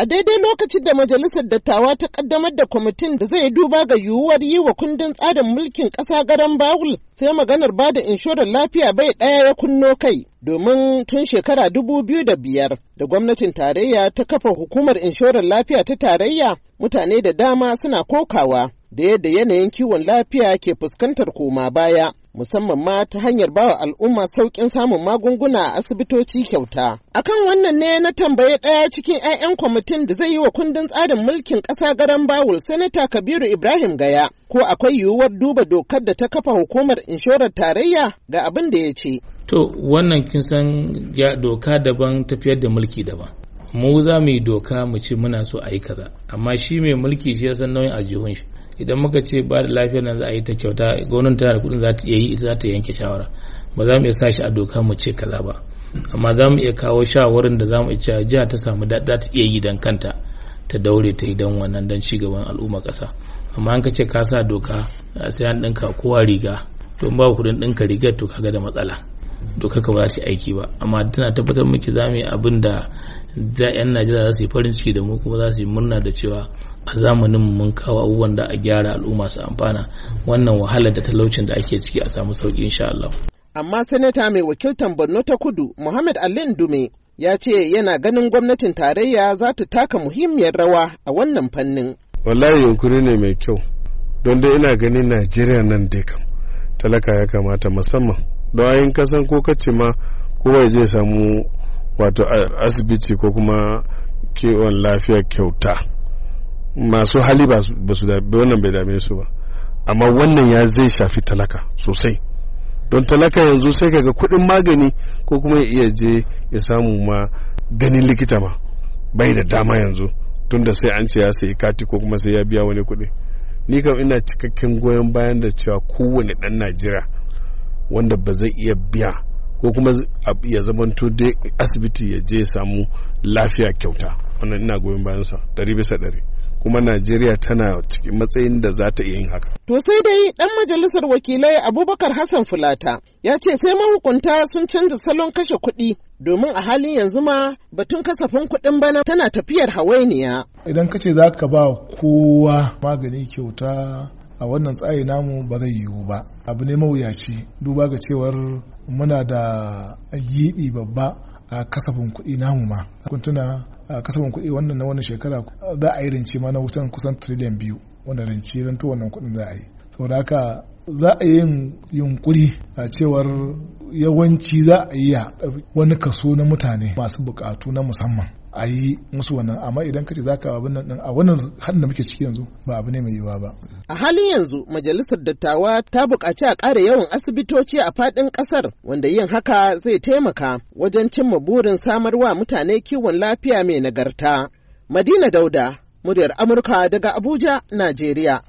A daidai lokacin da Majalisar Dattawa ta kaddamar da kwamitin da zai duba ga yiwuwar yi wa kundin tsarin mulkin ƙasa garan Bawul sai maganar ba da inshorar lafiya bai ɗaya ya kunno kai domin tun shekara dubu biyu da biyar da gwamnatin tarayya ta kafa hukumar inshorar lafiya ta tarayya mutane da dama suna kokawa da yadda yanayin kiwon lafiya ke fuskantar koma baya musamman ma ta hanyar bawa al'umma sauƙin samun magunguna a asibitoci kyauta. Akan wannan ne na tambaye ɗaya cikin 'ya'yan kwamitin da zai yi wa kundin tsarin mulkin ƙasa garan Bawul Sanata Kabiru Ibrahim Gaya ko akwai yiwuwar duba dokar da ta kafa hukumar inshorar tarayya ga abin da ya ce. To wannan kin san doka daban tafiyar da mulki daban. mu za mu yi doka mu ce muna so a yi kaza amma shi mai mulki shi ya san nauyin aljihun shi idan muka ce ba da lafiyar nan za a yi ta kyauta gonan tana da kuɗin za ta yi ita za ta yanke shawara ba za mu iya sa shi a doka mu ce kaza ba amma za mu iya kawo shawarar da za mu iya jiha ta samu za ta iya yi dan kanta ta daure ta idan wannan dan ci gaban al'umma kasa amma an ka ce ka sa doka sai an ɗinka kowa riga to ba kuɗin ɗinka rigar to kaga da matsala dokar ka ba ta aiki ba amma tana tabbatar miki za mu yi abin da yan najeriya za su yi farin ciki da mu kuma za su yi murna da cewa a zamanin mun kawo abubuwan da a gyara al'umma su amfana wannan wahalar da talaucin da ake ciki a samu sauki insha Allah. amma sanata mai wakiltan borno ta kudu muhammad ali dume ya ce yana ganin gwamnatin tarayya za ta taka muhimmiyar rawa a wannan fannin wallahi yunkuri ne mai kyau don dai ina ganin najeriya nan dai kam talaka ya kamata musamman bayan kasan ko kace ma kowa je samu wato asibiti ko kuma kiwon lafiya kyauta masu hali ba su wannan bai dame su ba amma wannan ya zai shafi talaka sosai don talaka yanzu sai kaga kuɗin magani ko kuma ya iya je ya samu ma ganin likita ma bai da dama yanzu tunda sai an ce ya sayi kati ko kuma sai ya biya wani kuɗi ni kam ina cikakken goyon bayan da cewa kowane ɗan najeriya wanda ba zai iya biya ko kuma ya zamanto dai asibiti ya je samu lafiya kyauta wannan ina goyon sa ɗari bisa ɗari kuma najeriya tana cikin matsayin da za ta iya yin haka to sai dai ɗan majalisar wakilai abubakar hassan fulata ya ce sai mahukunta sun canza salon kashe kuɗi domin a halin yanzu ma batun kasafin kuɗin bana tana tafiyar hawainiya idan ka ce za ka ba kowa magani kyauta a wannan tsari namu ba zai yiwu ba abu ne mawuyaci duba ga cewar muna da gibi babba a kasafin kuɗi namu ma kun tuna kasafin kuɗi wannan na wannan shekara za a yi rance ma na wutan kusan triliyan biyu wanda rance to wannan kuɗin za a yi saboda haka za a yi yunkuri a cewar yawanci za a iya wani kaso na mutane masu bukatu na musamman a yi musu wannan amma idan kace zaka abin nan a wannan hadin da muke ciki yanzu ba abu ne mai yiwuwa ba a halin yanzu majalisar dattawa ta buƙaci a ƙara yawan asibitoci a faɗin ƙasar wanda yin haka zai taimaka wajen cimma burin samarwa mutane kiwon lafiya mai nagarta madina dauda muryar amurka daga abuja najeriya